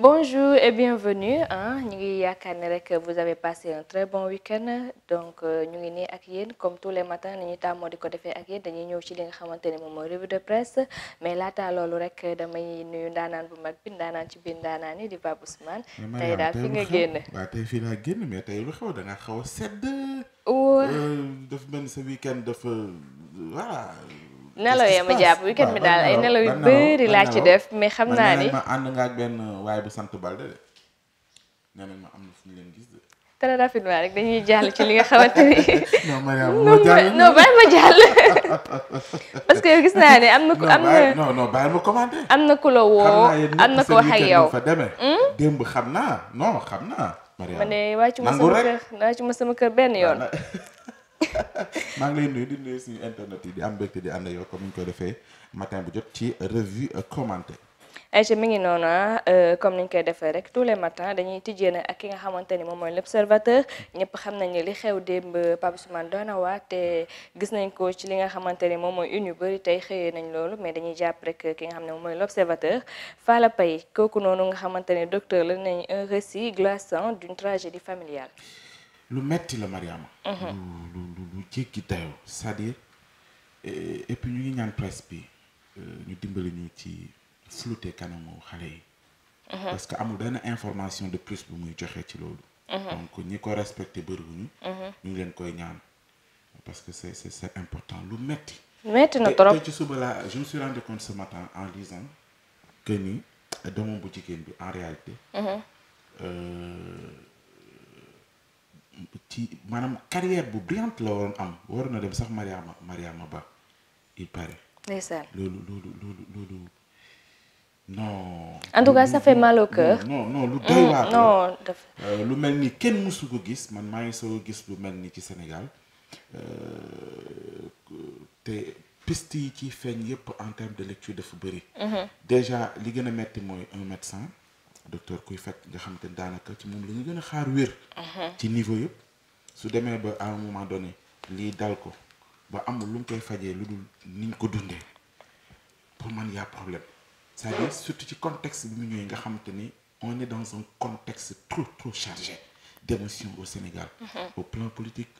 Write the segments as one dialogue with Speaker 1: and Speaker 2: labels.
Speaker 1: Bonjour et bienvenue ah ñu ngi yaakaar ni rek vous avez passé très bon week-end donc euh, ñu ngi nii ak yéen comme tous les matins ni ñu tàmmoo di ko defee ak yéen dañuy ñëw ci li nga xamante ne moom mooy revue de presse mais laata loolu rek damay nuyu ndaanaan bu mag bi ndaanaan ci biir ndaanaan yi di Pape Ousmane. tey daal fi nga génn
Speaker 2: waaw tey fii laa génn mais tey lu xew a sedd.
Speaker 1: waaw euh,
Speaker 2: dafa sa week dafa voilà.
Speaker 1: nelaw ya ma jàpp weekend bi daal ay nelaw yu bëri laa ci def mais xam naa ni ma
Speaker 2: ànd nga benn waaye bu sant Balde de nee ma am na fu leen gis de
Speaker 1: très rapidement rek dañuy jàll ci li nga xamante ni
Speaker 2: non
Speaker 1: que gis naa ne am na ku am
Speaker 2: bàyyi ma commenté am na ku woo am na ko wax ak yow fa demee hmm? démb xam naa non ma ne wàccu ma sama kër
Speaker 1: wàccu ma sama kër benn yoon
Speaker 2: maa ngi lay nuyu di nuyu suñu internet yi di am mbégte di ànd ak yow comme ni ñu defee matin bu jot ci revue commentée.
Speaker 1: Aïcha mi ngi noonu euh, comme ni koy defee rek tous les matins dañuy tijjee nag ak ki nga xamante ni moom mooy l'observateur ñëpp xam nañ ne li xew démb Pape Ousmane doon na waa gis nañ ko ci li nga xamante ni moom mooy une yu bëri tey xëyee nañ loolu mais dañuy jàpp rek ki nga xam ne moom mooy l'observateur Falla Paye kooku noonu nga xamante ne docteur la nañ un récit glaçant d'une tragédie familiale.
Speaker 2: lu metti la Mariama mhm. lu lu lu jéggi dayoo c'est-à-dire eh, et ñu ngi ñaan presse bi euh, ñu dimbali ñu ci flouter kanamu xale yi mhm. parce que amul benn information de plus bu muy joxe ci loolu mhm. donc ñi ko respecté bëriwuñu ñu ngi leen koy ñaan parce que c'est c'est c'est important lu metti metti na trop ci suba la je me suis rendu compte ci maanaam carrière bu brillante la waroon am waroon na dem sax Mariama Mariama Ba il paraît. ndeysaan loolu loolu loolu loolu en tout cas ça fait mal au cœur. non lu doy mm, euh, lu mel ni kenn mësu ko gis man maa ngi soo gis lu mel nii ci Sénégal euh, te piste yi ci feeñ yëpp en termes de lecture dafa bëri. Mm-hmm. déjà li gën a metti mooy un médecin. docteur kuy faj nga xam te ni daanaka ci moom la ñu gën a xaar wér. Mhm. ci niveau yëpp su demee ba à un moment donné ko ba amul lu mu koy fajee lu dul niñ ko dundee pour man y a problème cest à surtout ci contexte bi mu ñëwee nga xam te ni on est dans un contexte trop trop chargé d'émotions au Sénégal. Mhm. au plan politique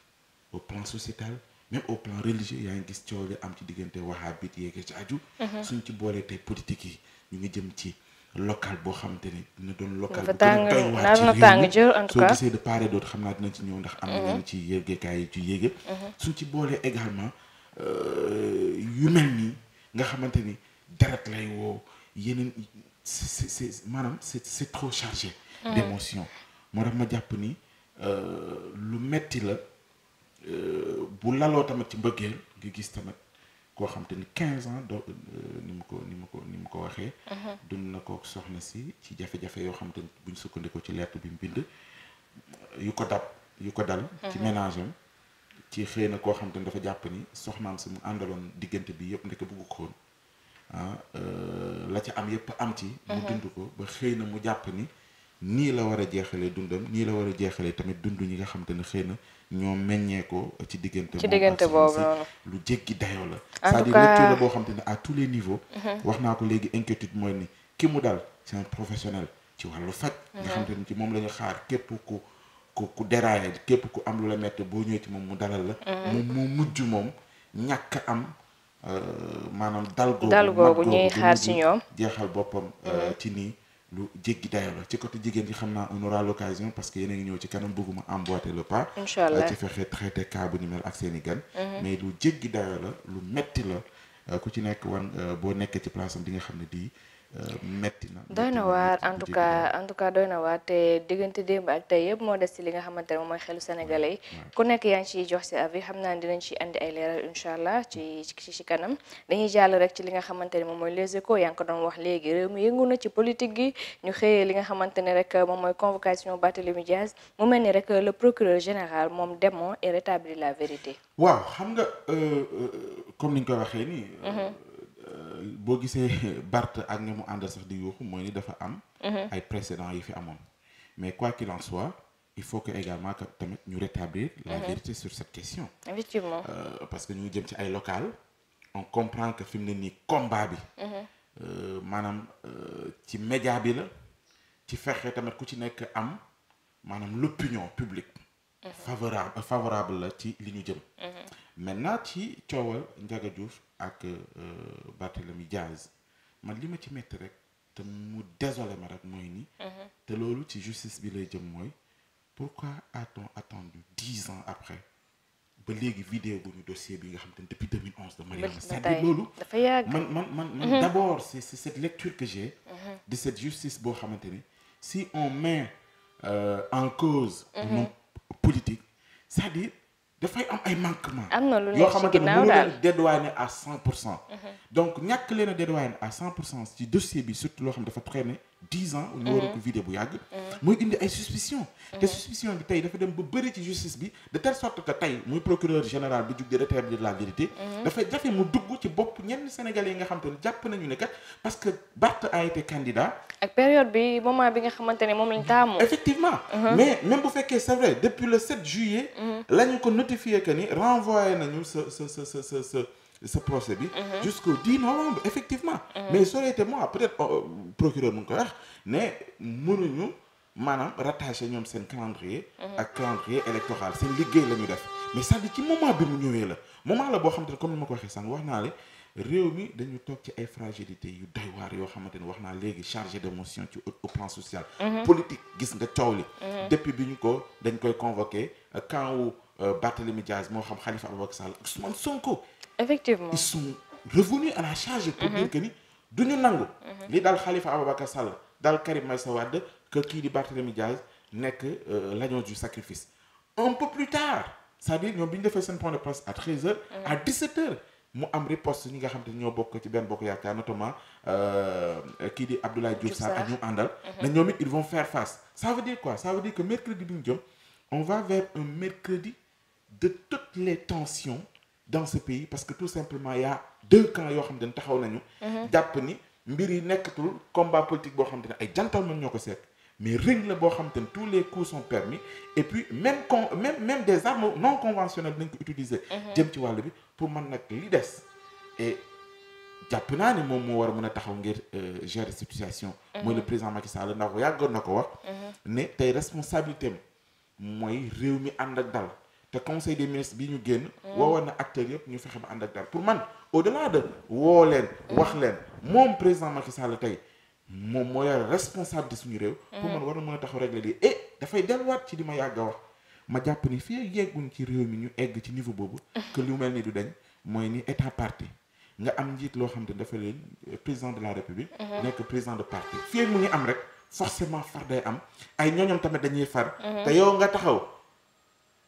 Speaker 2: au plan sociétal même au plan religieux yaa ngi gis coow li am ci diggante waxaabit yeeg ci aju. Mhm. suñ ci boolee tey politique yi ñu ngi jëm ci. local boo xamante ni dina doon local. bu tàng nar na tàng jër en soo gisee de part et d'autre xam naa dina ci ñëw ndax. am na mhm. ci yéegeekaay yi ci yéege. Mhm. suñ ci boolee également euh, yu mel nii nga xamante ni deret lay woo yeneen c'est c'est maanaam c'est c'est trop chargé. Mhm. d'émotion moo tax ma jàpp ni euh, lu metti la euh, bu laloo tamit ci mbëggeel nga gis tamit. koo xam te ni 15 ans do euh, ni mu ko ni mu ko waxee. Mhm. dund na ko soxna si ci jafe-jafe yoo xam te ni buñ sukkandikoo ci lettre bi mu bind. yu ko dab yu ko dal. ci mhm. ménage ci xëy na koo xam te ni dafa jàpp ni soxnaam si mu àndaloon diggante bi yëpp ndeke bugg ko woon ah euh, la ca am yëpp am ci. mu mhm. dund ko ba xëy na mu jàpp ni nii la war a jeexalee dundam nii la war a jeexalee tamit dund ñi nga xam te ne xëy na. ñoo meññee ko ci diggante boobu ci diggante boobu lu jéggi dayoo la c'est-à-dire lecture la boo xam te ne à tous les niveaux mhm. wax naa ko léegi inquiétude mooy ni ki mu dal c'est un professionnel ci wàllu faj nga mhm. xam te ne ci moom la xaar képp ku ku ku déraillé képp ku am lu la metti boo ñëwee ci moom mu dalal la mu mhm. moo mujj moom ñàkk am euh, maanaam dal googu dal googu ñuy xaar ci ñoom jeexal boppam euh, ci nii lu jéggi dayo la ci côté jigéen ñi xam naa on aura l'occasion parce que yéen a ngi ñëw ci kanam bëgguma emboîter le pas incha allah ci fexe traité cas mel ak seen gan mhm. mais lu jéggi dayo la lu metti la euh, ku ci nekk wan euh, boo nekkee ci place am di xam ne di metti na doy na
Speaker 1: waar en tout cas en tout cas doy na waar te diggante démb ak tey yëpp moo des ci li nga xamante ne moom mooy xelu sénégalais yi ku nekk yaa ngi jox ci avis xam naa dinañ ci indi ay leeral incha allah ci ci ci kanam dañuy jàll rek ci li nga xamante ne moom mooy les échos yaa ngi doon wax léegi réew mi yëngu na ci politique gi ñu xëyee li nga xamante ne rek moom mooy convocation Barthélémy Diaz mu mel ni rek le procureur général moom demoon et rétablir la vérité
Speaker 2: waaw boo gisee Bart ak ñi mu àndal sax di yuuxu mooy ni dafa am. Mhm. ay précédents yi fi amoon mais quoi qu'il en soit il faut que également que tamit ñu rétablir. la mhm. vérité sur cette question.
Speaker 1: Euh,
Speaker 2: parce que ñu ngi jëm ci ay local on comprend que fi mu ne nii combat bi. Mhm. Euh, maanaam euh, ci média bi la ci fexe tamit ku ci nekk am maanaam l'opinion publique. favorable la ci li ñu jëm. maintenant ci coowal Ndiaga ak euh, Barthélemy Diaz man li ma ci métti rek te mu désolé ma rek mooy nii mhm. te loolu ci justice bi lay jëm mooy pourquoi a-t-on attendu dix ans après ba léegi vidéo bu ñu dossier bi nga xam te ne depuis 2011 de Mariama c'est-à-dire loolu man man man man mhm. d'abord c'est c'est cette lecture que j'ai mhm. de cette justice boo xamante ni si on met euh, en cause non politique cest à dafay am ay manquement am na lu yoo xamante ne mënu leen dédouaner à cent pour cent mhm. donc ñàkk leen a dédouaner à cent pour cent ci dossier bi surtout loo xam dafa traîner dix ans ñu ko vidé bu yàgg mooy indi ay suspicion te suspicion bi tey dafa dem ba bëri ci justice bi de telle sorte que tey muy procureur général bi jug di rétablir la vérité dafa jafe mu dugg ci bopp ñenn sénégalais yi nga xam te ne jàpp nañu ne parce que Barth a été candidat
Speaker 1: ak période bi moment bi nga xamante ne moom lañ taamu
Speaker 2: effectivement uh-huh. mais même bu fekkee c'est vrai depuis le 7 juillet uh-huh. la ñu ko notifié que ni renvoyé nañu sa sa sa sa ce procès bi. Mhm. jusqu'au 10 novembre effectivement. Mhm. mais ça aurait été moi peut-être euh, procureur mu ngi koy wax ne mënuñu maanaam rattaché ñoom seen calendrier. Mhm. ak calendrier électoral seen liggéey la ñu def mais c'est-à-dire ci moment bi mu ñëwee la moment la boo xam ne comme ni ma ko waxee sànq wax naa le réew mi dañu toog ci ay fragilité yoo xamante ni wax naa léegi chargé d'émotion ci au plan social. politique gis nga coow li. depuis bi ñu ko dañ koy convoqué euh, camp wu euh, Barthélémy Diaz moo xam Khalifa Ababacar Sall ak Ousmane Sonko. effectivement ils sont revenus à la charge pour mhm. dire ni du nangu mhm. li daal Khalifa Ababacar Sall daal Karim Meïssa Wade que kii di Barthélémy Diaz nekk euh, l'agneau du sacrifice un peu plus tard c'est-à-dire ñoom bi ñu defee seen point de presse à 13h mhm. à 17h mu am riposte ñi nga xam te ñoo bokk ci benn bokk yaakaar notamment euh, kii di Abdoulaye Diouf Sarr ak ñu àndal na ñoom it ils vont faire face ça veut dire quoi ça veut dire que mercredi bi ñu jëm on va vers un mercredi de toutes les tensions dans ce pays parce que tout simplement y a deux camps yoo xam ne taxaw nañu. Mhm. jàpp ni mbir yi nekkatul combat politique boo xam ne ay gentlemen ñoo ko seet mais ring la boo xam ne tous les coups sont permis et puis même con même même des armes non conventionnelles nañ ko utiliser. Mhm. jëm ci wàll bi pour man nag li des et jàpp naa ni moom moo war a mën a taxaw ngir euh, gérer situation. Mhm. mooy le président Macky Sall ndax yàggoon na ko wax. ne tey responsabilité am mooy réew mi ànd dal. te conseil des ministres bi ñu génn. Mm. woowoon na acteurs yëpp ñu fexe ba ànd ak dal pour man au delà de woo leen. wax mm. leen moom président Macky Sall tey moom mooy responsable de suñu réew. Mm. war na mën a taxaw régler lii et eh, dafay delluwaat ci li ma yàgg a wax ma jàpp ni fii yegguñ ci réew mi ñu egg ci niveau boobu. que lu mel nii du dañ mooy ni état parti nga am njiit loo xam te dafa leen euh, président de la république. Mm-hmm. nekk président de parti fii mu ngi am rek forcément far day am ay ñooñam tamit dañuy far. Mm-hmm. te yow nga taxaw.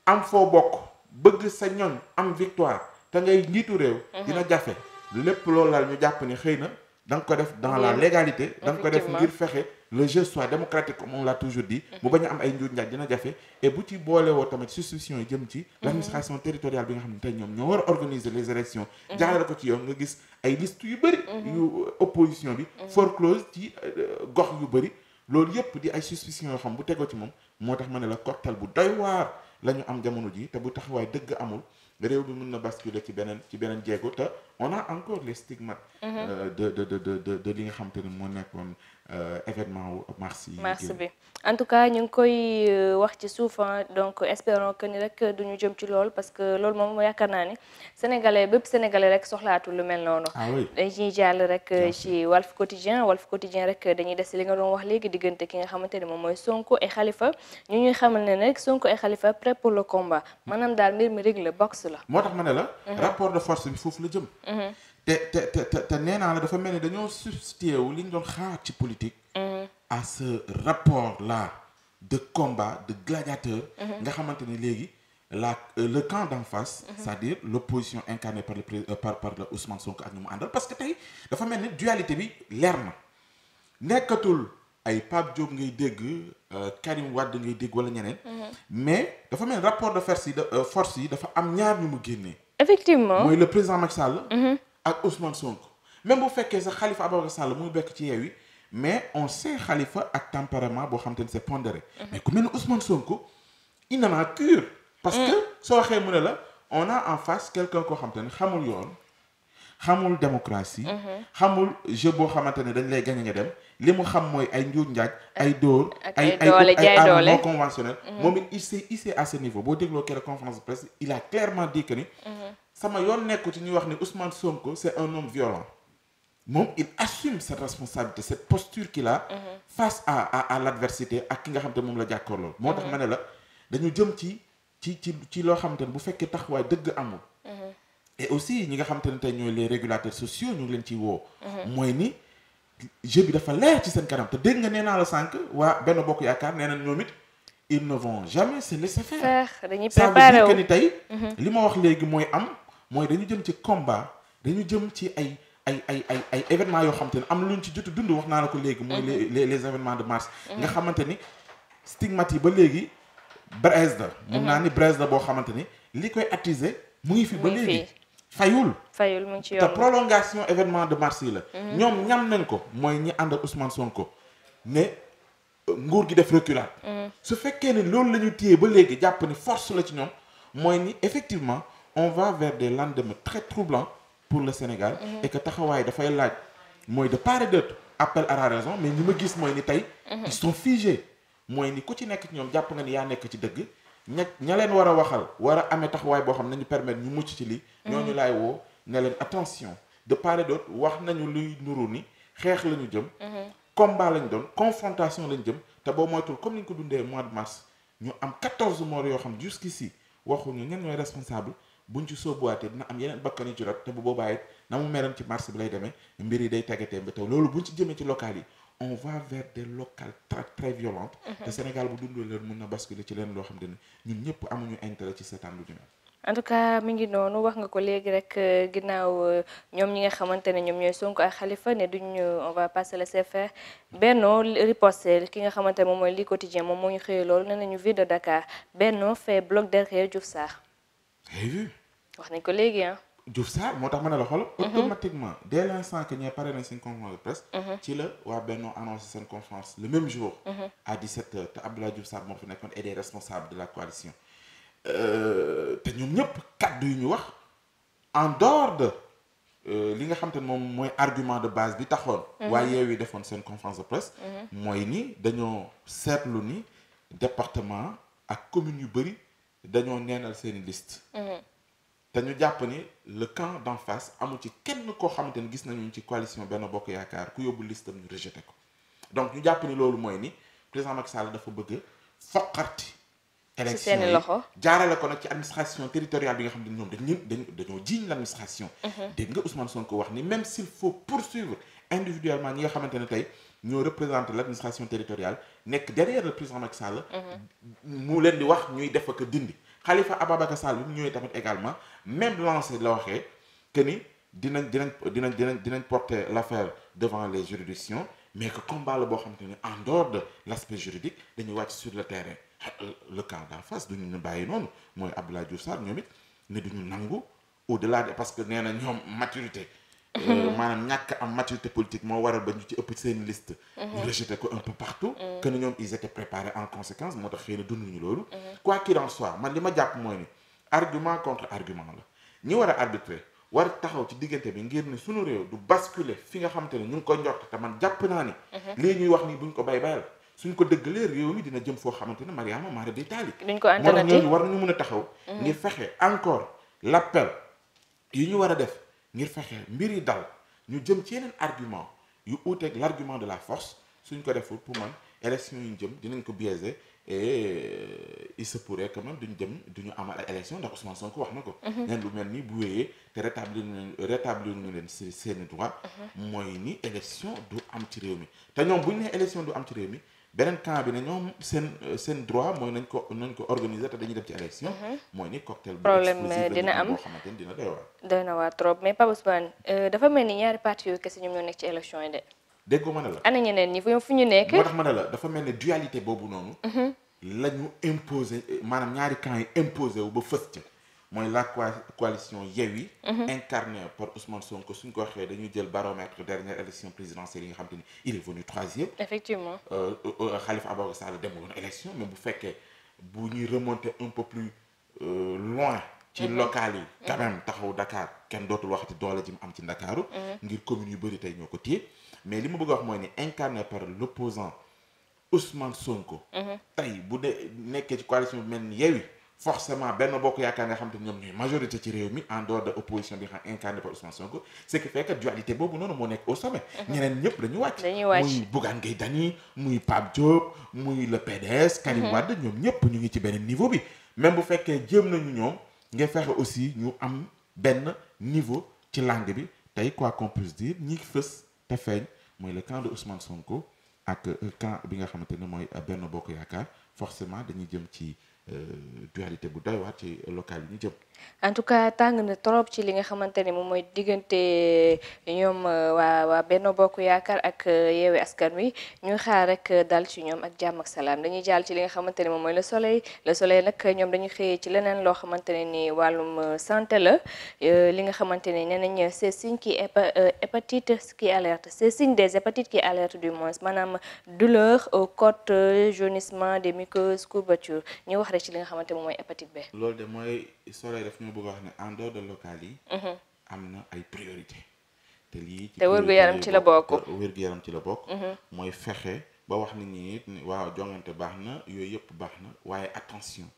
Speaker 2: am foo bokk bëgg sa ñoñ am victoire te ngay njiitu réew. Mhm. dina jafe lépp loolu laal ñu jàpp ni xëy na da nga ko def dans la légalité. da nga ko def ngir fexe le jeu soit démocratique comme on l'a toujours di mhm. mu bañ a am ay njuuj njaaj dina jafe et bu ci boole woo tamit suspicion yi jëm ci. Mhm. l'administration territoriale bi nga xam ne tey ñoom ñoo war a organiser les élections. jaarale ko ci yoon nga gis ay liste yu bëri. yu euh, opposition bi. foreclose ci euh, gox yu bëri. loolu yëpp di ay suspicion yoo xam bu tegoo ci moom moo tax ma ne la cocktail bu doy waar. lañu am jamono jii te bu taxawaay dëgg amul réew bi mun na basculer ci beneen ci beneen jéego te on encore les stigmates. Mm-hmm. Euh, de de de de li nga xam te ne moo nekkoon. Euh, événement wu mars mars
Speaker 1: bi en tout cas ñu ngi koy euh, wax ci suufant donc espérons que ni rek du ñu jëm ci lool parce que loolu moom yaakaar naa ni sénégalais bépp sénégalais rek soxlaatul lu mel noonu. Ah dañuy jàll rek euh, ci Walf Quotidien Walf Quotidien rek dañuy des li nga doon wax léegi diggante ki nga xamante ne moom mooy Sonko et Khalifa ñu ñuy xamal ne rek Sonko et Khalifa prêt pour le combat maanaam daal mbir mi rek la la. moo
Speaker 2: tax ma ne la. Mhm. rapport de force bi foofu la jëm. Mhm. te te te te nee naa la dafa mel ni dañoo substitué wu li ñu doon xaar ci politique. Mm-hmm. à ce rapport la de combat de gladiateur. Mm-hmm. nga xamante ni léegi la euh, le camp d'en face. Mm-hmm. c'est-à-dire l'opposition incarnée par le pré euh, par par le Ousmane Sonko ak ñu mu àndal parce que tey dafa mel ni dualité bi leer na nekkatul ay Pape Diop ngay dégg euh, Karim Wade ngay dégg wala ñeneen. mais dafa mel ni rapport de force yi de force yi dafa am ñaar ñu mu génnee.
Speaker 1: effectivement mooy le
Speaker 2: président Macky Sall. ak Ousmane Sonko même bu fekkee sax xalifa Ababacar Sall mu ngi bekk ci Yewwi mais on sait Khalifa ak tempérament boo xam te ne c'est pondéré. Mhm. mais ku mel ne Ousmane Sonko il n'en parce mhm. que soo waxee mu ne la on a en face quelqu'un koo xam te ni xamul yoon xamul démocratie. Mhm. xamul jeu boo xamante ne dañ lay gañ nga dem li mu xam mooy ay njuuj njaaj ay dóor. ay ay ay armes non conventionnelles. moom it il s'est ce niveau boo dégloo keroog conférence de presse il a clairement dit sama yoon nekku ci ñu wax ne Ousmane Sonko c'est un homme violent moom il assume cette responsabilité cette posture qu'il a mhm. face à à l'adversité ak ki nga xam te moom la jàkkoor loolu moo tax mhm. ma ne la dañu jëm ci ci ci ci loo xam te ne bu fekkee taxawaay dëgg amul mhm. et aussi ñi nga xam te ne tey ñooy les régulateurs sociaux ñu ngi leen ciy woo mooy ni jeu bi dafa leer ci seen kanam te dégg nga nee naa la sànq waa benn bokk yaakaar nee na ñoom it ils ne vont jamais se laisser faire
Speaker 1: ça veut dire que ni tey
Speaker 2: li ma wax léegi mooy am mooy dañu jëm ci combat dañu jëm ci ay ay ay ay ay événements yoo xamante ne am luñ ci jotu dund wax naa la ko léegi. mooy le mhm. les événements de mars. Mhm. nga xamante ni stigmate yi ba léegi braise la. Mhm. mun naa ni braise boo xamante ni li koy attiser mu ngi fi ba léegi. fayul
Speaker 1: fayul mu ngi ci yomb
Speaker 2: te événement de mars yi la. ñoom ñam nañ ko mooy ñi ànd ak Ousmane Sonko ne euh, nguur gi def reculade. su fekkee ni loolu lañu téye ba léegi jàpp ni force la ci ñoom mooy ni effectivement. on va vers des lendemains très troublants pour le Sénégal. Mhm. et que taxawaay dafay laaj mooy de part et d'autre appel à la mais ñi ma gis mooy ni tey. Mhm. ils sont figés mooy ni ku ci nekk ñoom jàpp nga ni yaa nekk ci dëgg. ña ña leen war a waxal war a amee taxawaay boo xam ne ñu permettre ñu mucc ci lii. Mhm. ñooñu laay woo ne leen attention de part et wax nañu luy nuru ni xeex la ñu jëm. combat lañ doon confrontation lañ jëm te boo moytul comme ni ñu ko dundee mois de mars ñu am 14 yoo xam jusqu'ici waxuñu ñan ñooy responsable. bu buñ ci sóobuwaatee dina am yeneen bakkan yu te bu boobaa it na mu meram ci marché bi lay demee mbir yi day tàggatee ba taw loolu buñ ci jëmee ci local yi on va vers des locales très très mm-hmm. te Sénégal bu dundoo leen mun na basculer ci leen loo xam ne ñun ñëpp amuñu intérêt ci seetaan lu ñu
Speaker 1: en tout cas mi ngi noonu wax nga ko léegi rek euh, ginnaaw euh, ñoom ñi nga xamante ne ñoom ñooy Sonko ak Khalifa ne duñu euh, on va passer le CFR Benno riposté ki nga xamante ne moom mooy li quotidien moom moo ñu xëyee loolu nee nañu ville de Dakar Benno fait bloc derrière wax nañ ko léegi ah.
Speaker 2: Diouf moo tax ma ne la xool. Mhm. automatiquement dès l' que ñee pare nañ seen conférence de presse. Mhm. ci la waa Benno annoncé seen conférence le même jour. Mhm. fi nekkoon et des responsables de la euh, te ñoom ñëpp kaddu yu ñu wax en dehors de euh, li nga xam ne moom mooy argument de base bi taxoon. waaye Yewwi defoon seen conférence de presse. mooy ni dañoo seetlu ni département ak commune yu bëri dañoo neenal seen i te ñu jàpp le camp d'en face amul ci kenn koo xamante ni gis nañu ci coalition benn bokk yaakaar ku yóbbu listam ñu rejeté ko donc ñu jàpp ni loolu mooy ni président Macky Sall dafa bëgg foqarti élection yi jaarale ko nag ci administration territoriale bi nga xam ne ñoom dañu dañu dañoo jiiñ l' administration. Mhm. dégg nga Ousmane Sonko wax ni même si il faut poursuivre individuellement ñi nga xamante ne tey ñoo représenté l' administration territoriale nekk derrière le président Macky Sall.
Speaker 1: Mhm.
Speaker 2: mu leen di wax ñuy def ak dindi. xalifa Ababacar Sall bi mu ñëwee tamit également même lancé la waxee que ni dinañ dinañ dinañ dinañ dinañ porter l'affaire devant les juridictions mais que combat la boo xamante ne en dehors de l'aspect juridique dañuy wàcc sur le terrain le camp d'en face duñu ne bàyyi noonu mooy Abdoulaye Diouf Sarr ñoom it ne duñu nangu au-delà de parce que nee na ñoom maturité Euh, mhm. maanaam ñàkk am maturité politique moo war a ba ñu ci ëpp seen liste. Mhm. ñu rejeté ko un mhm. ñoom ils en conséquence moo tax xëy na dunduñu loolu. quoi qu'il en soit ma jàpp mooy ni argument contre argument la ñi war a arbitrer war taxaw ci diggante bi ngir ne suñu réew du basculer fi nga xam te ne ñu ngi ko njort te man jàpp naa ni. lii ñuy wax nii buñ ko bay bayal suñ ko lee réew mi dina jëm foo xamante ne Mariama Mara day taali. duñ ko antanatif moo tax ñooñu war mën a taxaw. ngir fexe encore l' yi ñu war a def. ngir fexe mbir yi dal ñu jëm ci yeneen argument yu uuteeg l' argument de la force suñ ko deful pour man élection yi ñu jëm dinañ ko biaisé et il se pourrait quand même duñ jëm duñu amal ay élection ndax Ousmane Sonko wax na ko. Mhm. neen lu mel nii bu wéyee te rétablir ñu leen ñu leen seen droit. Mhm. mooy ni élection du am ci réew mi te ñoom buñ nee élection du am ci réew mi. beneen camp bi ne ñoom seen euh, seen droit mooy nañ ko nañ ko organiser te dañuy dem ci élection. Mhm. mooy ni cocktail bu problème euh, dina am dina
Speaker 1: doy na waar trop mais Pape Ousmane euh, dafa mel ni ñaari parti yooyu kese ñoom ñoo nekk ci élection yi de. déggoo ma ne la ana ñeneen ñi fu ñu nekk. moo tax ma
Speaker 2: ne la dafa mel ni dualité boobu noonu. Mhm. la ñu maanaam ñaari camp yi imposer wu ba fës ci. mooy la coalition Yewwi mhm. incarnée par Ousmane Sonko suñ ko waxee dañuy jël baromètre dernière élection présidentielle yi nga xam te ni il est venu troisième
Speaker 1: effectivement
Speaker 2: euh, euh, euh, Khalifa Ababacar Sall demul woon élection mais bu fekkee bu ñuy remonter un peu plus loin ci mhm. local yi mhm. quand même taxaw Dakar kenn dootul waxati doole ji mu am ci Ndakaaru ngir communes yu bëri tey ñoo ko téye mais li ma bëgg a wax mooy ni incarné par l'opposant Ousmane Sonko tey bu dee nekkee ci coalition forcément benn bokk yaakaar nga xam te ñoom ñooy majorité ci réew mi en dehors de opposition bi nga xam incarné par Ousmane Sonko ce qui fait que dualité boobu noonu moo nekk au sommet. Mhm. ñeneen ñëpp dañu wàcc. dañuy wàcc muy Bougane Gueye Dany muy Pape Diop muy le PDS. Karim mhm. Wade ñoom ñëpp ñu ngi ci beneen niveau bi même bu fekkee jéem nañu ñoom nga fexe aussi ñu am benn niveau ci langue bi tey quoi qu'on puisse dire ñi fës te feeñ mooy le camp de Ousmane Sonko ak euh, camp bi nga xamante ne mooy benn bokk yaakaar forcément dañuy jëm ci. dualité bu doy waar ci local yi ñu
Speaker 1: en tout cas tàng na trop ci li nga xamante ni moom mooy diggante ñoom euh, waa waa Benno Bokk Yaakaar ak euh, Yewwi Askan Wi ñuy xaar rek euh, dal ci ñoom ak jàmm ak salaam dañuy jàll ci li nga xamante ni moom mooy le soleil le soleil nag ñoom dañuy xëyee ci leneen loo xamante ne ni wàllum santé la li nga xamante ni nee nañ c'est signe qui hépatite qui alerte c'est signe des hépatites qui alerte du moins maanaam douleur aux côtes jaunissement des muqueuses courbatures ñu wax rek ci li nga xamante moom mooy hépatite B.
Speaker 2: loolu def ma bëgg a wax ne en dehors de local yi. Mhm. am na ay priorité te lii. te wér gu yaram ci la bokk wér gu yaram mooy fexe ba wax nit ñi it waaw jongante baax na yooyu yëpp baax na waaye attention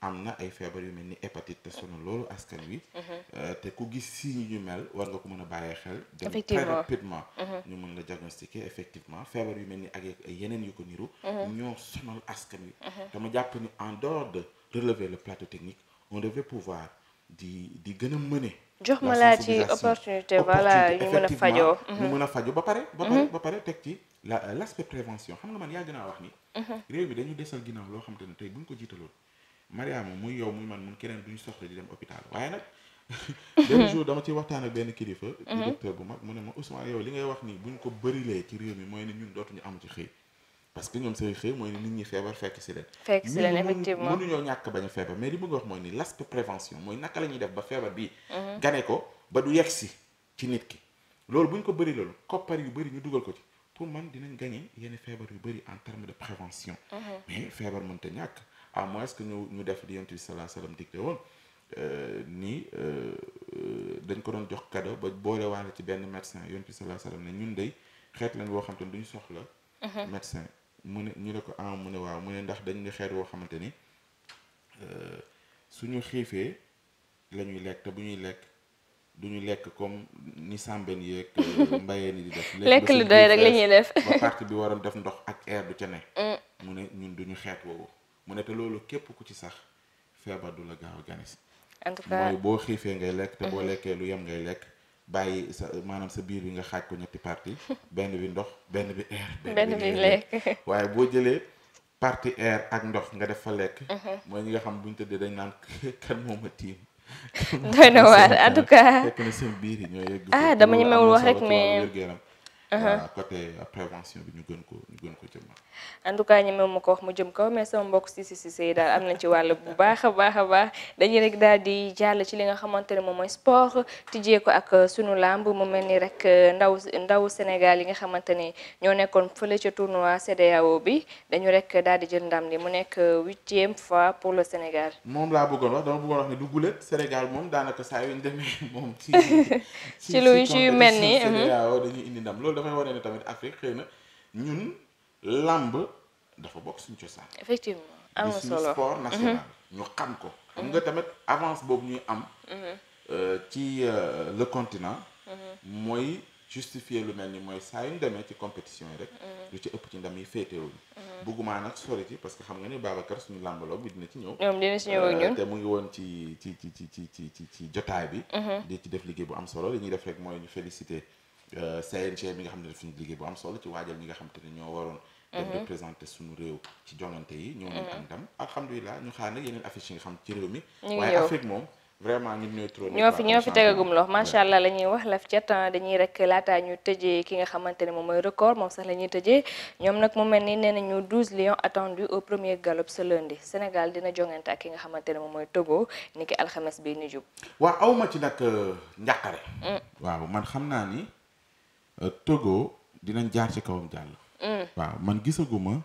Speaker 2: am na ay feebar yu mel ni hépatite te sonal loolu askan wi. Mhm. Euh, te ku gis signe yu mel war nga ko mën a bàyyee xel. dem très mhm. ñu mën la diagnostiquer effectivement feebar yu mel ni ak yeneen yu ko niru. ñoo sonal askan wi. dama jàpp ni en dehors de relever le plateau technique. on devait pouvoir di di gën a mëne. jox ma laa ci opportunité voilà ñu mën a fajoo ñu mën a fajoo ba pare. ba pare mm-hmm. ba pare teg ci la l' aspect prévention xam nga man yaa gën a wax ni. Mm-hmm. réew mi dañu desal ginnaaw loo xam te ne tey bu ko jiitaloon. Mariama muy yow muy man mun keneen duñu soxla di dem hôpital waaye nag. Mm-hmm. benn jour dama ciy waxtaan ak benn kilifa. docteur bu mag mu ne ma Ousmane yow li ngay wax nii buñ ko bërilee ci réew mi mooy ne ñun dootuñu am ci xëy. parce que ñoom seen xëy mooy ni nit ñi feebar fekk si leen. fekk si leen effectivement mënuñoo ñàkk bañ a feebar mais li bëgg wax mooy ni l'aspect prévention mooy naka la ñuy def ba feebar bi mhm. gane ko ba du yegg si ci nit ki loolu bu ñu ko bëri loolu koppar yu bëri ñu dugal ko ci pour man dinañ gagné yenn feebar yu bëri en terme de prévention. Mhm. mais feebar mënta ñàkk à moins que ñu ñu def di Yonent bi sallallahu alayhi wasallam digle woon euh, nii euh, dañ ko doon jox cadeau ba boolewaale ci benn médecin Yonent bi sallallahu alayhi wasallam ne ñun day xeet lañ boo xam te ne duñu soxla. Mhm. médecin. mu ne ñu ne ko am ah, mu ne waaw mu ne ndax dañu ne xeet woo xamante ni euh, suñu xiifee la ñuy lekk te bu ñuy lekk duñu lekk comme ni sàmben yeeg euh, mbayeen yi di def lekk lu doy rek la def ba partie bi waral def ndox ak air du ca ne mm. mu ne ñun duñu xeet woowu mu ne te loolu képp ku ci sax feebar du la gaaw a ganis en tout cas mooy boo xiifee ngay lekk te boo mm-hmm. lekkee lu yem ngay lekk bàyyi sa maanaam sa biir bi nga xaaj ko ñetti partie benn bi ndox benn bi air. benn bi lekk waaye boo jëlee partie air ak ndox nga def fa lekk. Uh-huh. mooy ñi nga xam bu ñu tëddee dañ naan kan moo ma tiim. doy na waar en tout cas fekk na seen biir yi ñoo yëg. ah dama ñemewul wax rek mais. côté euh,
Speaker 1: en tout cas ñi moom ma ko wax mu jëm kaw mais sama mbokk si si si say daal am nañ ci wàll bu baax a baax a baax dañu rek daal di jàll ci li nga xamante ne moom mooy sport tijjee ko ak euh, sunu làmb mu mel ni rek euh, ndaw ndaw Sénégal yi nga xamante ne ñoo nekkoon fële ca tournoi CEDEAO bi dañu rek daal di jël ndam li mu nekk huitième fois pour le Sénégal
Speaker 2: moom laa bëggoon wax dama bëggoon wax ne du gulet Sénégal moom daanaka saa yu ñu moom
Speaker 1: ci lu ci
Speaker 2: dafay wane ne tamit Afrique xëy na ñun làmb dafa bokk suñu cosaan.
Speaker 1: effectivement am na solo sport mhm. national.
Speaker 2: ñu xam ko. xam nga tamit avance boobu ñuy am. Mhm. Euh, ci euh, le continent. Mhm. mooy justifier lu mel ni mooy saa yu ñu demee ci compétition yi rek. lu ci ëpp ci ndam yi féetewuñu. bëgguma nag sori ci parce que xam nga ni Babacar suñu làmbaloo bi dina ci ñëw. ñoom euh, te mu ngi woon ci ci ci ci ci ci ci jotaay bi. di ci def liggéey bu am solo li ñuy def rek mooy ñu féliciter. Euh, CNG mi nga xam ne def nañu liggéey bu am solo ci waajal ñi nga xam te ne ñoo waroon dem mhm. représenté suñu réew ci jongante yi ñoo nañ mhm. am ndam alhamdulilah ñu xaar nag moom vraiment ñun ñooy ñoo fi ñoo fi tegagum
Speaker 1: macha allah la ñuy wax laf cet ah, dañuy rek laataa ñu tëjee ki nga xamante ne moom mooy record moom sax la ñuy tëjee ñoom nag mu mel ni nee nañu 12 lions attendus au premier galop ce lundi Sénégal dina jongante ak ki nga xamante ne moom mooy Togo ni ki alxames bi ni jub
Speaker 2: waaw awma ci nag euh, njàqare mm. waaw man xam naa ni Euh, Togo dinañ jaar ci kawam jàll. Mm. waaw man gisaguma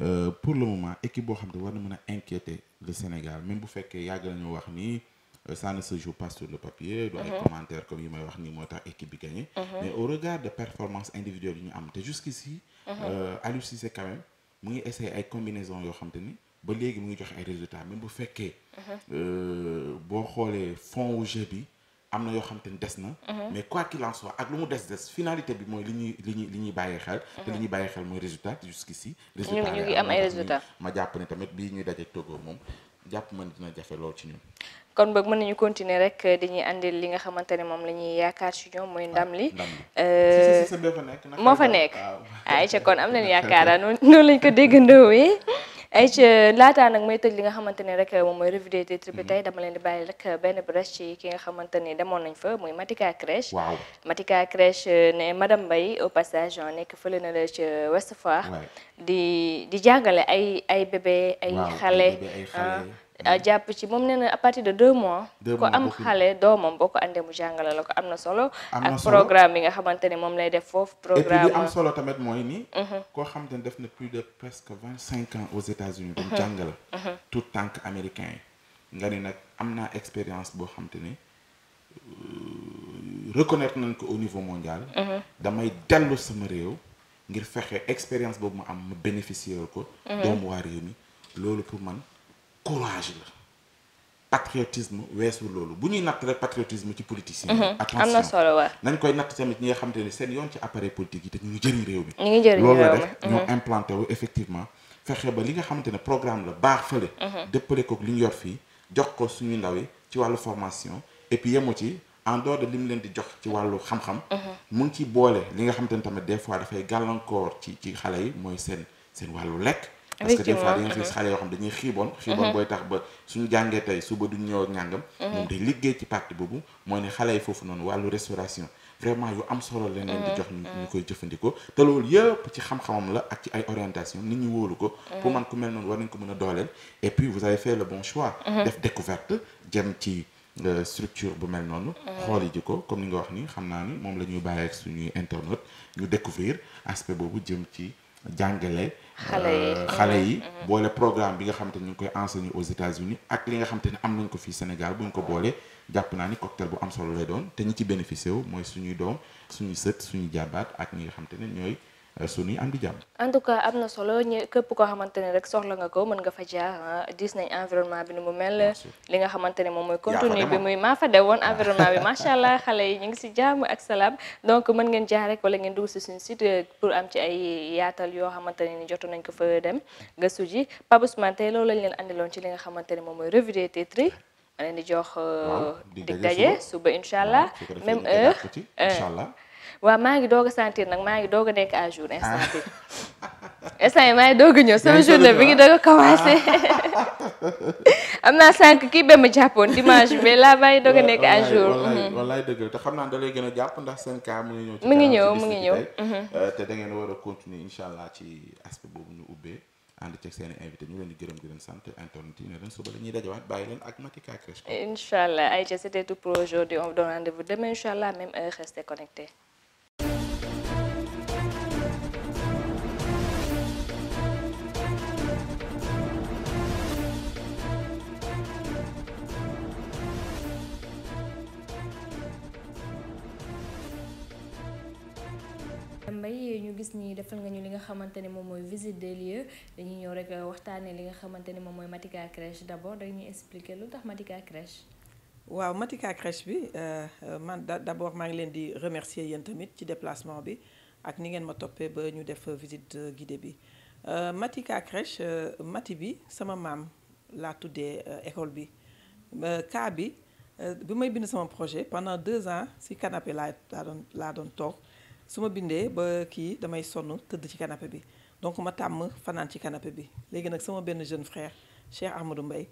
Speaker 2: euh, pour le moment équipe boo xam ne war na mën a inquiéter le Sénégal même bu fekkee yàgg nañu wax ni euh, ça ne se joue pas le papier. du ay mm-hmm. commentaires comme yi may wax nii moo tax équipe bi gagné. Mm-hmm. mais au regard de performance individuelle yi ñu am te jusqu'ici. Mm-hmm. Aliou Cissé quand même mu ngi essayer ay combinaisons yoo xam te ni ba léegi mu ngi joxe ay résultat même bu fekkee. boo xoolee fond wu jeu bi. am na yoo xam te ni des na. Mhm. mais quoi qu'il en soit ak lu mu des des finalité bi mooy li ñuy li ñuy li ñuy bàyyi xel. te li mhm. ñuy bàyyi xel mooy résultat jusqu'ici. résultat ñu ngi am ay résultats ma jàpp ne tamit bii ñuy daje Togo moom jàpp ma ne dina jafe lool ci ñun.
Speaker 1: kon boog mën nañu continuer rek dañuy àndil li nga xamante ne moom la ñuy yaakaar ci ñoom mooy ndam li. Ah, euh, moo fa nekk. moo fa nekk ayca kon am nañu yaakaar noonu lañ ko déggandoo ay ci eh, laataa nag mooy tëj li nga xamante ne rek eh, moom mooy revue des titres bi mm-hmm. tey dama leen di bàyyi rek eh, benn brèche ci ki nga xamante ne demoon nañ fa muy Matika Crèche waaw Matika Crèche ne madame mbay au passage nekk fële na la ci Foire di di jàngale ay ay bébé ay xale Euh, jàpp ci moom nee na à partir de deux mois. ko am xale doomam boo ko andee mu jàngale la ko am na solo. ak programme yi nga xamante ne moom lay def foofu. programme et am solo
Speaker 2: tamit mooy ni mhm. koo xamante ne def na plus de presque vingt cinq ans aux États-Unis doon mhm. jàngale. Mhm. tout américain yi. ne nag am naa expérience boo xamante ne euh, reconnaître nañ ko au niveau mondial. damay dellu sama réew. ngir fexe expérience boobu ma am ma bénéficier ko. doomu waa réew loolu pour man. courage la patriotisme weesu loolu bu ñuy natt rek patriotisme ci politicien attention mhm. am na solo waaw nañ koy natt tamit ñi nga xamante ne seen yoon ci appareil politique yi te ñu ngi jëriñ réew mi ñu ngi jëriñ loolu la def ñoo mhm. wu effectivement fexe ba li nga xamante ne programme la baax fële mhm. dëppale kook li ñu yor fii jox ko suñu ndaw yi ci wàllu formation et puis ci en dehors de li mu leen di jox ci wàllu xam-xam mu ngi ci boole li nga xamante ne tamit des fois dafay gàllankoor ci ci xale yi mooy seen seen wàllu lekk parce que des fois dañuy gis xale yoo xam dañuy xiiboon mhm. xiiboon booy tax ba suñu jàngee tey suba duñu ñëw ñàngam mhm. moom day liggéey ci parti boobu mooy ne xale yi foofu noonu wàllu restauration vraiment yu am solo leen leen di jox mhm. ñu koy jëfandikoo te loolu yëpp ci xam la ak ci ay orientation nit ñi wóolu ko pour man ku mel noonu war nañ ko mën a dooleel et puis vous avez fait le bon choix def découverte jëm ci euh, structure bu mel noonu xool ji ko comme ni nga wax nii xam naa ni moom la ñuy bàyyi ak suñuy internautes ñu découvrir aspect boobu jëm ci jàngale. xale yi euh, xale yi boole programme bi nga xam te ñu ngi koy enseigner aux États-Unis ak li nga xam te ne am nañ ko fii Sénégal bu ñu ko boole jàpp naa ni cocktail bu am solo lay doon te ñi ci bénéficié wu mooy suñuy doom suñuy sët suñuy jàbaat ak ñi nga xam te ne ñooy. suñuy am di jàmm.
Speaker 1: en tout cas am na solo këpp képp koo xamante ne rek soxla nga ko mën nga fa jaar diis nañ environnement bi ni mu mel. li nga xamante ne moom mooy. contenu bi muy maa fa de woon ah. environnement bi macha allah xale yi ñu ngi si jàmm ak salaam. donc mën ngeen jaar rek wala ngeen dugg si suñu site euh, pour am ci ay yaatal yoo xamante ne ni jotu nañ ko fa dem gëstu ji Pape tey loolu lañ leen andiloon ci li nga xamante ne moom mooy revue des titres ma leen di jox. Euh, dig daje suba incha allah même heure waaw maa ngi doog a sentir nag maa ngi doog a nekk à jour instant ah. bi instant yi maa ngi doog a ñëw sama journée bi ngi doog a commencé am naa sànq kii ba ma jàppoon dimanche mais là maa ngi doog a nekk à jour. wallaay
Speaker 2: mhm. te xam naa da lay gën jàpp ndax seen cas mu ngi ñëw. mu ngi ñëw mhm. euh, te da ngeen war a continuer incha allah ci aspect boobu ñu ubbee. ànd ceeg seen invité ñu leen di gërëm di leen sant internet yi ne leen la ñuy dajawaat bàyyi leen ak Matika Crèche.
Speaker 1: incha allah Aïcha c'était tout pour aujourd'hui rendez-vous demain incha allah gis ni defal nga ñu li nga xamante ne moom mooy visite des lieux dañuy ñëw rek euh, waxtaanee li nga xamante ne moom mooy Matika crèche d' abord dañuy expliquer lu tax Matika crèche.
Speaker 3: waaw Matika crèche bi euh, euh, man d' abord maa ngi leen di remercier yéen tamit ci déplacement bi ak ni ngeen ma toppee ba ñu def visite guidée bi Matika crèche mati bi sama maam laa tuddee école bi cas bi bi may bind sama projet pendant deux ans si canapé laa laa doon laa doon toog. su ma bindee ba kii damay sonn tëdd ci canapé bi donc ma tàmm fanaan ci kanape bi léegi nag sama benn jeune frère Cheikh Ahmadou Mbaye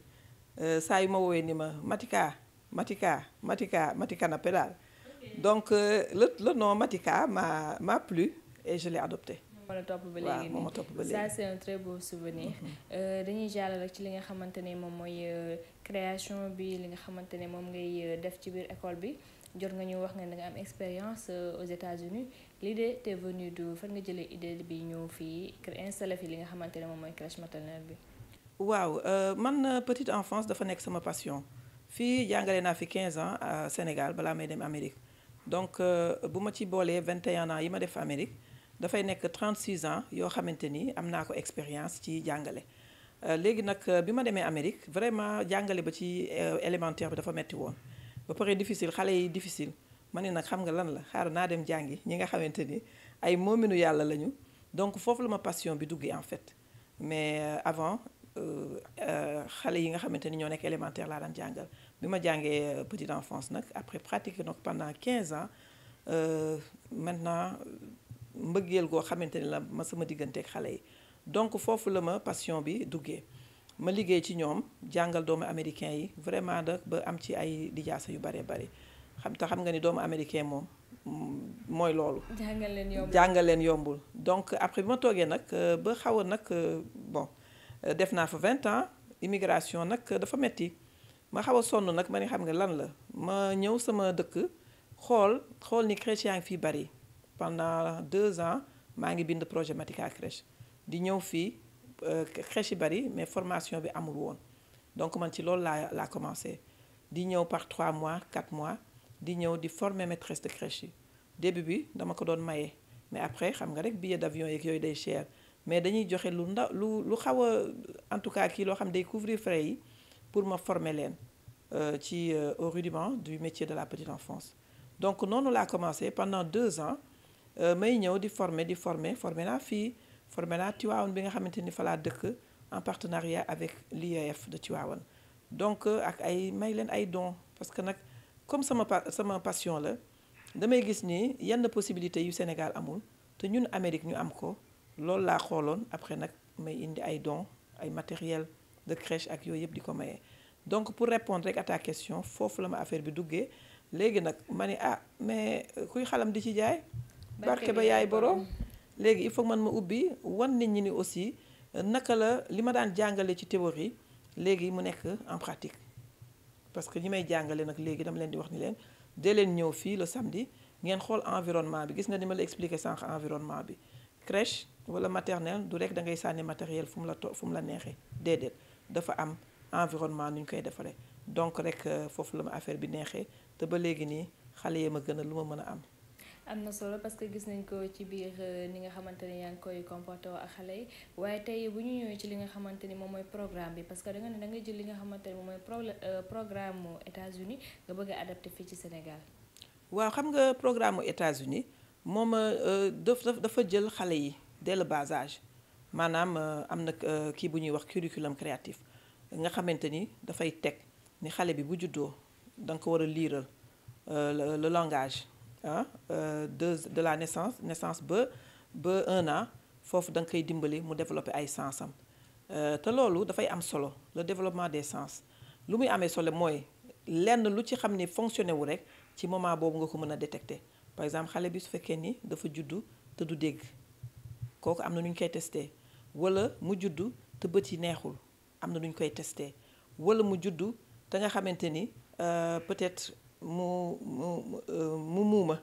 Speaker 3: euh, saa yu ma woowee ni ma Matika Matika Matika Mati donc euh, le le nom Matika m'a m'a plu et je l'ai adopté. moom la topp ba léegi moom la topp ba léegi
Speaker 1: mm-hmm. euh, dañuy jàll rek ci li nga xamante ne moom mooy création bi li nga xamante ne moom ngay def ci biir école bi jot nga ñuy wax nga da nga am expérience aux États-Unis l'idée t'est venue d'où fan nga jëlee idée bi ñëw fii installé fi li nga xamante ne moom mooy crèche maternelle bi.
Speaker 3: waaw euh, man euh, petite enfance dafa nekk sama passion fii jàngale naa fi quinze ans à Sénégal balaa may dem Amérique donc euh, bu ma ci boolee 21 ans yi ma def Amérique dafay nekk 36 ans yoo xamante ni am naa ko expérience ci jàngale. léegi nag bi ma demee Amérique vraiment jàngale ba ci élémentaire bi dafa metti woon ba pare difficile xale yi difficile. ma ne nag xam nga lan la xaar naa dem jàngi ñi nga xamante ni ay moominu yàlla lañu donc foofu la ma passion bi duggee fait mais euh, avant euh, euh, xale yi nga xamante ni ñoo nekk élémentaire laa daan jàngal bi ma jàngee petite enfance nag après pratiqué nag pendant 15 ans maintenant mbëggeel goo xamante ni la ma sama digganteeg xale yi donc foofu la ma passion bi duggee ma liggéey ci ñoom jàngal doomu américain yi vraiment nag ba am ci ay lijaasa yu bare bare xam te xam nga ni doomu américain moom mooy loolu.
Speaker 1: jàngal leen yombul jàngal
Speaker 3: leen yombul. donc après bi ma toogee nag euh, ba xaw a nag euh, bon euh, def naa fa 20 ans immigration nag dafa metti ma xaw a sonn nag ma ni xam nga lan la ma ñëw sama dëkk xool xool ni crèche yaa ngi fii bari pendant deux ans maa ngi bind projet Matika crèche di ñëw fii crèche yi bari mais formation bi amul woon donc man ci loolu laa laa commencé di ñëw par trois mois 4 mois. di ñëw di former matrice de crèche yi début bi dama ko doon maye mais après xam nga rek billet d'avion yeeg yooyu day cher mais dañuy joxe lu ndaw lu lu xaw a en tout cas kii loo xam day couvrir frais yi pour ma former leen euh, ci euh, au du métier de la petite enfance. donc noonu laa commencé pendant deux ans euh, may ñëw di former di former former naa fii former naa Tivaouane bi nga xamante ni fa laa dëkk en partenariat avec l'IEF de Tivaouane donc ak ay may leen ay dons parce que nag. comme sama sama passion la damay gis ni yenn possibilités yu Sénégal amul te ñun Amérique ñu am ko loolu laa xooloon après nag may indi ay dons ay matériel de crèche ak yooyu yëpp di ko maye. donc pour répondre rek à question foofu la ma affaire bi duggee léegi nag ma ni ah mais kuy xalam di ci jaay.
Speaker 2: barke ba yaay borom mm.
Speaker 3: léegi il faut man ma ubbi wan nit ñi ni aussi naka la li ma daan jàngale ci théorie léegi mu nekk en pratique. parce que ñi may jàngale nag léegi dama leen di wax ni leen dee leen ñëw fii le samedi ngeen xool environnement bi gis nga ni ma la expliqué sànq environnement bi crèche wala maternelle du rek da ngay sànni matériel fu mu la to fu mu la neexee déedéet dafa am environnement nu ñu koy defaree donc rek euh, foofu la ma affaire bi neexee te ba léegi nii xale yee ma gën a lu ma mën a am
Speaker 1: am na solo parce que gis nañ ko ci biir euh, ni nga xamante ne yaa ngi koy comporté ak xale yi waaye tey bu ñu ñëwee ci li nga xamante ni moom mooy programme bi parce que da nga ne jël li nga xamante ni moom mooy euh, mu États-Unis bëgg adapté fii ci Sénégal.
Speaker 3: waaw xam nga programme mu États-Unis moom euh, dafa dafa jël xale yi dès le maanaam am na kii bu ñuy wax curriculum créatif nga xamante ni dafay teg ni xale bi bu juddoo da ko war a liiral le langage. ah euh, de de la naissance naissance ba ba un an foofu da nga koy dimbali mu développer ay sens am euh, te loolu dafay am solo le développement des sens lu muy amee solo mooy lenn lu ci xam ne fonctionné wu rek ci moment boobu nga ko mën a détecter par exemple xale bi su fekkee ni dafa juddu te du dégg kooku am na nu ñu koy testé wala mu juddu te bët yi neexul am na nu koy testé wala mu juddu te nga xamante ni euh, peut-être. mu mu mu muuma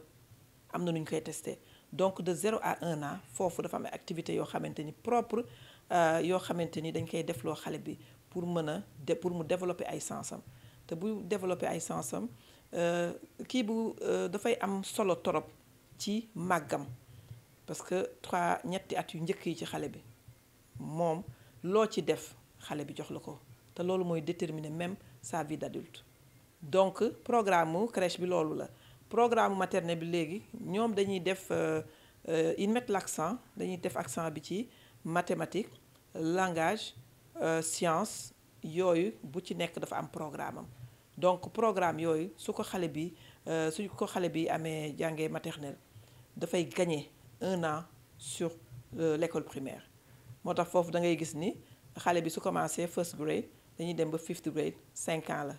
Speaker 3: am na nu ñu koy testé donc de zéro à un an foofu dafa am activité yoo xamante ni propre euh, yoo xamante ni dañ koy defloo xale bi pour mën a de pour mu développer ay sensam te bu développer ay sensam euh, kii bu euh, dafay am solo torop ci maggam parce que trois ñetti at yu njëkk yi ci xale bi moom loo ci def xale bi jox la ko te loolu mooy déterminer même sa vie d'adulte donc programme mu crèche bi loolu la programme maternelle bi léegi ñoom dañuy def euh, euh, ils mettent l'accent dañuy def accent bi ci mathématique langage euh, science yooyu bu ci nekk dafa am programme am donc programme yooyu su ko xale bi su ko xale bi amee jàngee maternelle dafay gagner un an sur l'école primaire moo tax foofu da ngay gis ni xale bi su commencé first grade dañuy dem ba fifth grade cinq la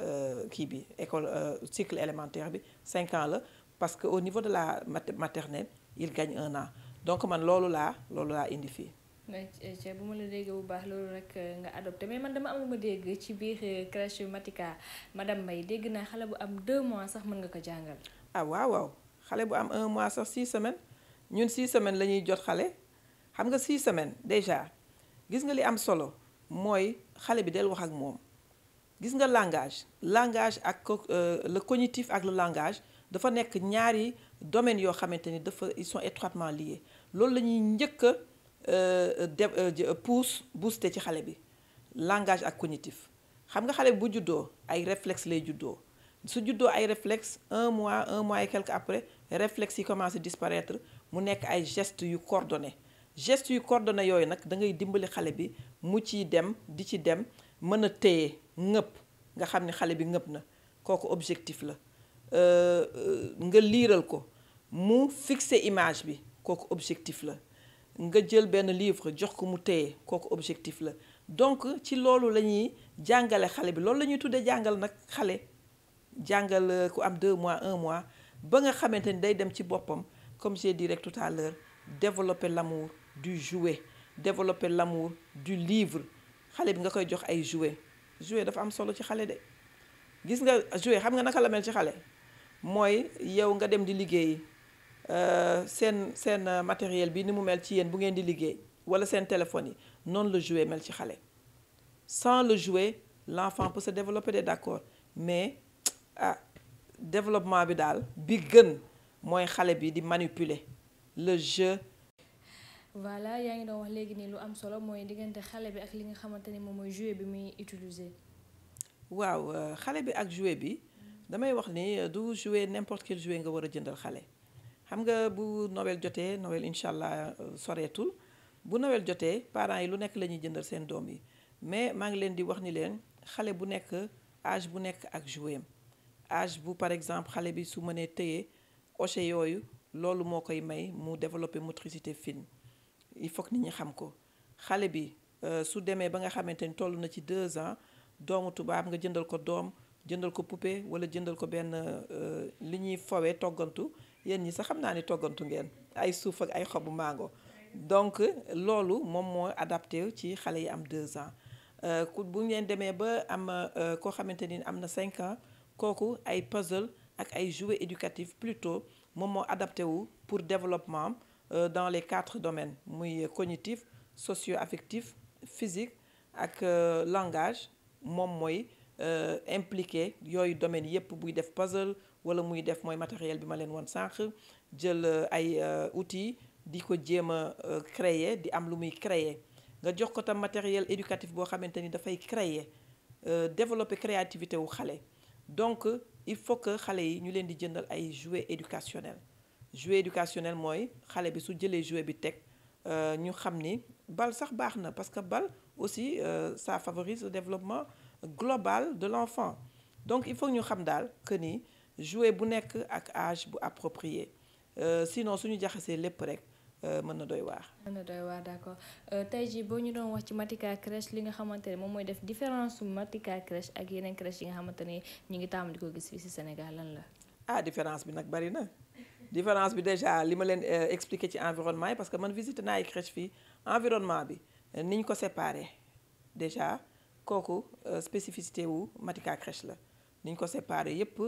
Speaker 3: Euh, kii bi école euh, cycle élémentaire bi 5 ans la parce que au niveau de la maternelle il gagne un an donc man loolu laa loolu laa indi fii.
Speaker 1: mais euh, bu ma la déggee bu baax loolu rek nga adopté mais man dama am ma dégg ci biir crèche Matika madame Mbaye dégg naa xale bu am 2 mois sax mën nga ko jàngal.
Speaker 3: ah waaw waaw xale bu am 1 mois sax 6 semaine ñun 6 semaines la ñuy jot xale xam nga 6 semaines déjà gis nga li am solo mooy xale bi del wax ak moom. gis nga langage langage ak euh, le cognitif ak le langage dafa nekk ñaari domaines yoo xamante ni dafa ils sont étroitement liés loolu la ñuy njëkk a euh, de euh, pousse booster ci xale bi langage ak cognitif xam nga xale bi bu juddoo ay réflexe lay juddoo su juddoo ay réflexe un mois un mois et quelque après réflexe yi commencé disparaitre mu nekk ay gestes yu coordonné gestes yu coordonné yooyu nag da ngay dimbali xale bi mu ci dem di ci dem mën a téye ngëpp nga xam ne xale bi ngëpp na kooku objectif la euh, euh, nga liiral ko mu fixer image bi kooku objectif la nga jël benn livre jox ko mu téye kooku objectif la donc ci loolu la ñuy jàngale xale bi loolu la ñuy tuddee jàngal nag xale jàngal euh, ku am deux mois un mois ba nga xamante ni day dem ci boppam comme j'ai dit rek tout à l'heure développer l'amour du jouet développer l'amour du livre xale bi nga koy jox ay jouet jouer dafa am solo ci xale de gis nga jouer xam nga naka la mel ci xale mooy yow nga dem di liggéey euh, seen seen matériel bi ni mu mel ci yéen bu ngeen di liggéey wala seen téléphone yi noonu le jouer mel ci xale sans le jouer l'enfant peut se développer de d'accord mais ah développement bi daal bi gën mooy xale bi di manipuler le jeu
Speaker 1: voilà yaa ngi doon wax léegi nii lu am solo mooy diggante xale bi ak li nga xamante ni moom mooy jouet bi muy utiliser.
Speaker 3: waaw euh, xale bi ak jouet bi damay wax ni euh, du jouet n'importe quel jouet nga war a jëndal xale xam nga bu nowel jotee nowel incha allah euh, soreetul bu Noël jotee parents yi lu nekk la ñuy jëndal seen doom yi mais maa ngi leen di wax ni leen xale bu nekk âge bu nekk ak jouet age bu par exemple xale bi su mënee tëye hoché yooyu loolu moo koy may mu développer motricité fine. il foog ni ñu xam ko xale bi euh, su demee ba nga xamante ni toll na ci deux ans doomu tubaab nga jëndal ko doom jëndal ko poupée wala jëndal ko benn euh, li ñuy fowee toggantu yéen ñi sax xam naa ni toggantu ngeen ay suuf ak ay xobu mango donc loolu moom moo adapté ci xale yi am deux ans euh, ku bu ngeen demee ba am koo xamante ni am na cinq ans kooku ay puzzle ak ay jouets éducatifs plutôt moom moo adapté wu pour développement Euh, dans les quatre domaines muy cognitif socio-affectif physique ak euh, langage moom mooy euh, impliqué yooyu domaines yépp buy def puzzle wala muy def mooy matériel bi ma leen woon sànq jël ay outils di ko jéem a créer di am lu muy créer nga jox ko tam matériel éducatif boo xamante ni dafay créer développer créativité wu xale donc il faut que xale yi ñu leen di jëndal ay jouets éducationnels jouet éducationnel mooy xale bi su jëlee jouet bi teg euh, ñu xam ni bal sax baax na parce que bal aussi euh, ça favorise le développement global de l'enfant donc il faut ñu xam daal que ni jouet bu nekk ak âge bu approprié euh, sinon suñu jaxasee lépp rek mën na dooy waar.
Speaker 1: mën na doy waar d'accord tey jii boo ñu doon wax ci Matika crèche li nga xamante ne moom mooy def différence su Matika crèche ak yeneen crèche yi nga xamante ne ñu ngi taamu di ko gis fii ci Sénégal lan la.
Speaker 3: ah différence bi nag bari na. différence bi déjà li ma leen euh, expliqué ci environnement yi parce que man visité naa ay crèche fii environnement bi euh, ni ko séparé déjà kooku euh, spécificité wu Matika crèche la niñ ko séparé yépp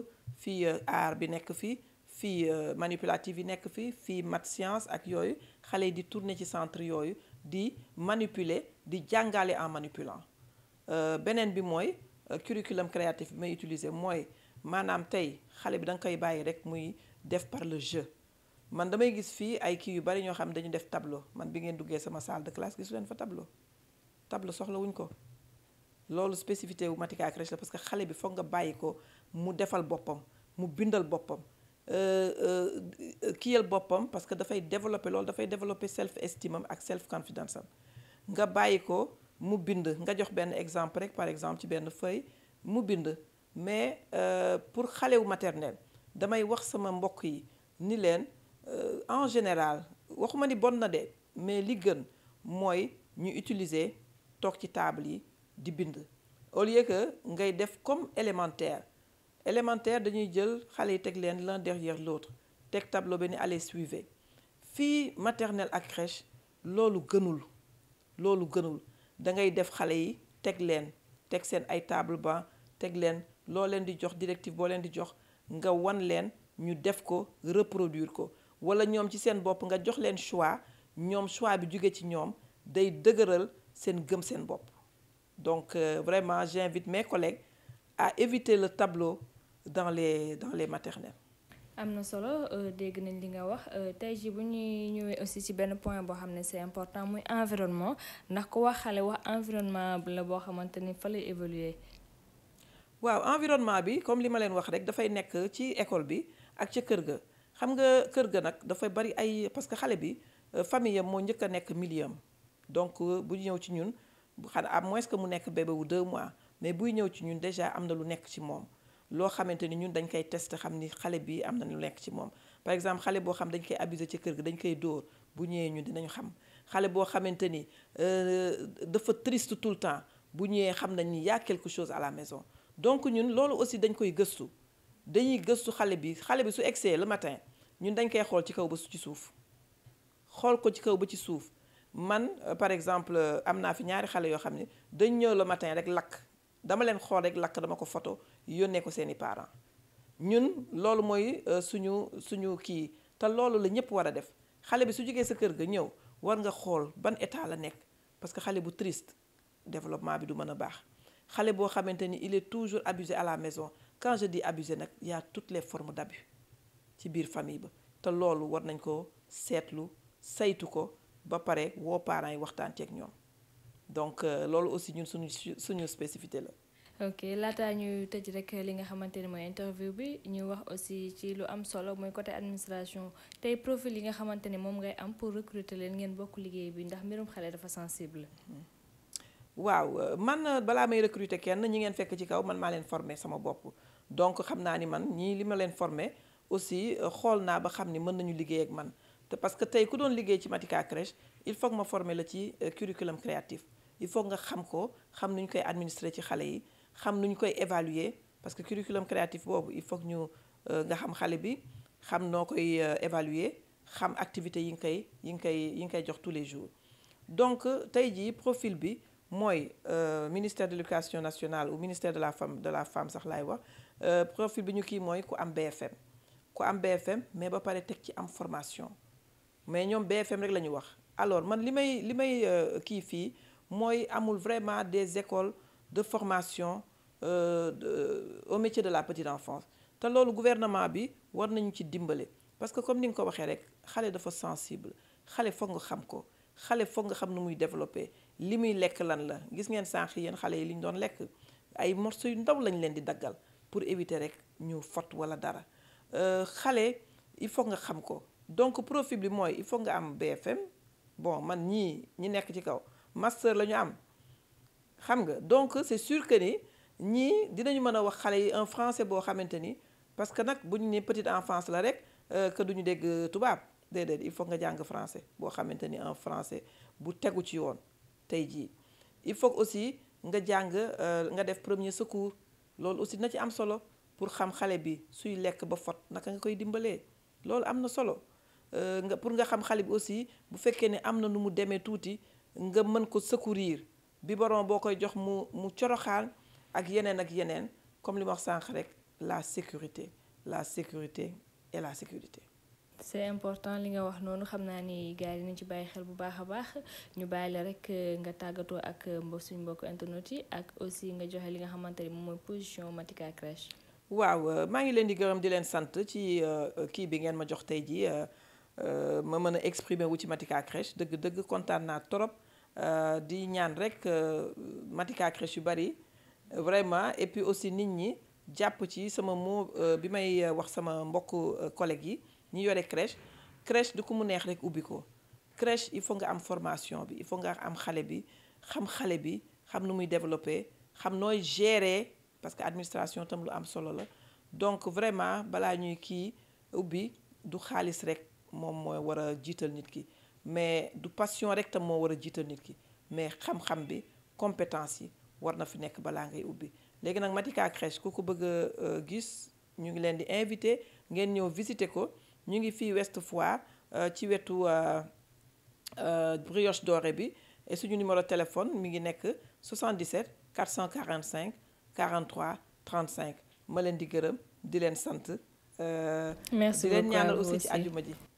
Speaker 3: fii aar bi nekk fii fii manipulative yi nekk fii fii math science ak yooyu xale yi di tourner ci centre yooyu di manipuler di jàngale en manipulant beneen bi mooy curriculum créatif bi may utiliser mooy maanaam tey xale bi da nga koy bàyyi rek muy def par le jeu man damay gis fii ay kii yu bari ñoo xam dañu def tableau man bi ngeen duggee sama salle de classe gisu leen fa tableau tableau soxla wuñ ko loolu spécificité wu Matika crèche la parce que xale bi foog nga bàyyi ko mu defal boppam mu bindal boppam euh, euh, kiyal boppam parce que dafay développer loolu dafay développer self estime am ak self confidence am nga bàyyi ko mu bind nga jox benn exemple rek par exemple ci benn feuille mu bind mais euh, pour xale wu maternelle damay wax sama mbokk yi ni leen euh, en général waxuma ni bon na de mais li gën mooy ñu utiliser toog ci table yi di bind au lieu que ngay def comme élémentaire élémentaire dañuy jël xale yi teg leen l'un derrière l'autre teg tableau bi ni allez suivez fii maternelle ak crèche loolu gënul loolu gënul da ngay def xale yi teg leen teg seen ay table banc teg leen loo leen di jox directive boo leen di jox nga wan leen ñu def ko reproduire ko wala ñoom ci seen bopp nga jox leen choix ñoom choix bi jóge ci ñoom day dëgëral seen gëm seen bopp donc euh, vraiment j'invite mes collègues à éviter le tableau dans les dans les maternelles
Speaker 1: am na solo euh, dégg nañ li nga wax euh, tey ji bu ñuy ñëwee aussi ci benn point boo xam ne c'est important muy environnement ndax ko wax xale wax environnement la boo xamante ni fa lay évoluer
Speaker 3: waaw environnement bi comme li ma leen wax rek dafay nekk ci école bi ak ca kër ga xam nga kër ga nag dafay bari ay parce que xale bi euh, famille am moo njëkk a nekk milieu donc euh, bu ñëw ci ñun xanaa à moins que mu nekk bébé wu deux mois mais buy ñëw ci ñun déjà am na lu nekk ci moom loo xamante ni ñun dañ koy test xam ni xale bi am na lu nekk ci moom par exemple xale boo xam dañ koy abusé ci kër ga dañ koy dóor bu ñëwee ñun dinañu xam xale boo xamante ni euh, dafa triste tout le temps bu ñëwee xam nañ ni y quelque chose à la donc ñun loolu aussi dañ koy gëstu dañuy gëstu xale bi xale bi su egsee le matin ñun dañ koy xool ci kaw ba ci suuf xool ko ci kaw ba ci suuf man euh, par exemple euh, am naa fi ñaari xale yoo xam ne dañ ñëw le matin rek lakk dama leen xool rek lakk dama ko photo yónnee ko seeni parent ñun loolu mooy euh, suñu suñu kii te loolu la ñëpp war a def xale bi su jógee sa kër ga ñëw war nga xool ban état la nekk parce que xale bu triste développement bi du mën a baax xale boo xamante ni il est toujours abusé à la maison quand je dis abusé nag yaa a toutes les formes d'abus ci biir famille ba te loolu war nañ ko seetlu saytu ko ba pare woo parents yi waxtaan ceeg ñoom donc euh, loolu aussi ñun suñu suñu spécifité la
Speaker 1: ok laataa ñu tëj rek li nga xamante ni mooy interview bi ñu wax aussi ci lu am solo mooy côté administration tey profil yi nga xamante ni moom ngay am pour recruter leen ngeen bokk liggéey bi ndax mbirum xale dafa sensible hmm.
Speaker 3: waaw euh, man euh, balaa may recruter kenn ñi ngeen fekk ci kaw man maa leen former sama bopp donc xam naa ni man ñii li ma leen former aussi euh, xool naa ba xam ni mën nañu liggéey ak man te parce que tey ku doon liggéey ci Matika crèche il faut ma former la ci curriculum créatif il faut nga xam ko xam nu ñu koy administrer ci xale yi xam nu ñu koy évaluer parce que curriculum créatif boobu il faut ñu nga xam xale bi xam noo koy évaluer xam activité yi nga koy yi nga koy yi nga koy jox tous les jours donc tey jii profil bi. mooy euh, ministère de l'éducation nationale ou ministère de la femme de la femme sax laay wax euh, profil bi ñu kii mooy ku am BFM ku am BFM mais ba pare teg ci am formation mais ñoom BFM rek la ñu wax alors man li may li may euh, kii fii mooy amul vraiment des écoles de formation au métier de la petite enfance te loolu gouvernement bi war nañu ci dimbale parce que comme ni nga ko waxee rek xale dafa sensible xale foog nga xam ko xale foog nga xam nu muy développé li muy lekk lan la gis ngeen sànq yéen xale yi li ñu doon lekk ay morceaux yu ndaw lañ leen di daggal pour éviter rek ñu fot wala dara euh, xale il faut nga xam ko donc profil bi mooy il faut nga am BFM bon man ñii ñi nekk ci kaw master la ñu am xam nga donc c'est sur que ni ñii dinañu mën a wax xale yi en francais boo xamante ni parce que nag bu ñu ne en france la rek euh, que ñu dégg tubaab déedéet il faut nga jàng francais boo xamante ni en français bu tegu ci yoon tey jii il faut aussi nga jàng euh, nga def premier secours loolu aussi na ci am solo pour xam xale bi suy lekk ba fot naka nga koy dimbalee loolu am na solo euh, nga pour nga xam xale bi aussi bu fekkee ne am na nu mu demee tuuti nga mën ko bi biberon boo koy jox mu mu coroxaan ak yeneen ak yeneen comme li ma wax sànq rek la sécurité la sécurité et la sécurité
Speaker 1: c'est important li nga wax noonu xam naa ni gars yi dinañ ci bàyyi xel bu baax a baax ñu bàyyi la rek euh, nga tàggatoo ak euh, mbo suñ mbokk internet yi ak aussi nga joxe li nga xamante ni moom mooy position Matika crèche.
Speaker 3: waaw euh, maa ngi leen di gërëm di leen sant ci kii bi ngeen ma jox tey jii ma mën a exprimer wu ci Matika dëgg dëgg kontaan naa trop di ñaan rek Matika crèche yu bari vraiment et puis aussi nit ñi jàpp ci sama mot bi may wax sama mbokk collègue yi. ñi yore crèche crèche du ko mu neex rek ubbi ko crèche il faut nga am formation bi il faut nga am xale bi xam xale bi xam nu muy développé xam nooy gérer parce que administration tam lu am solo la donc vraiment balaa ñuy kii ubbi du xaalis rek moom mooy war a jiital nit ki mais du passion rek tam moo war a jiital nit ki mais xam-xam bi compétence yi war na fi nekk balaa ngay ubbi léegi nag Matika crèche ku ko bëgg a euh, gis ñu ngi leen di invité ngeen ñëw visiter ko ñu ngi fii Ouest Foire euh, ci wetu euh, euh, brioche dorée bi suñu numéro téléphone mi ngi nekk 77 445 43 35 ma leen di gërëm di leen sant. merci beaucoup di leen ñaanal aussi ci àjjuma ji.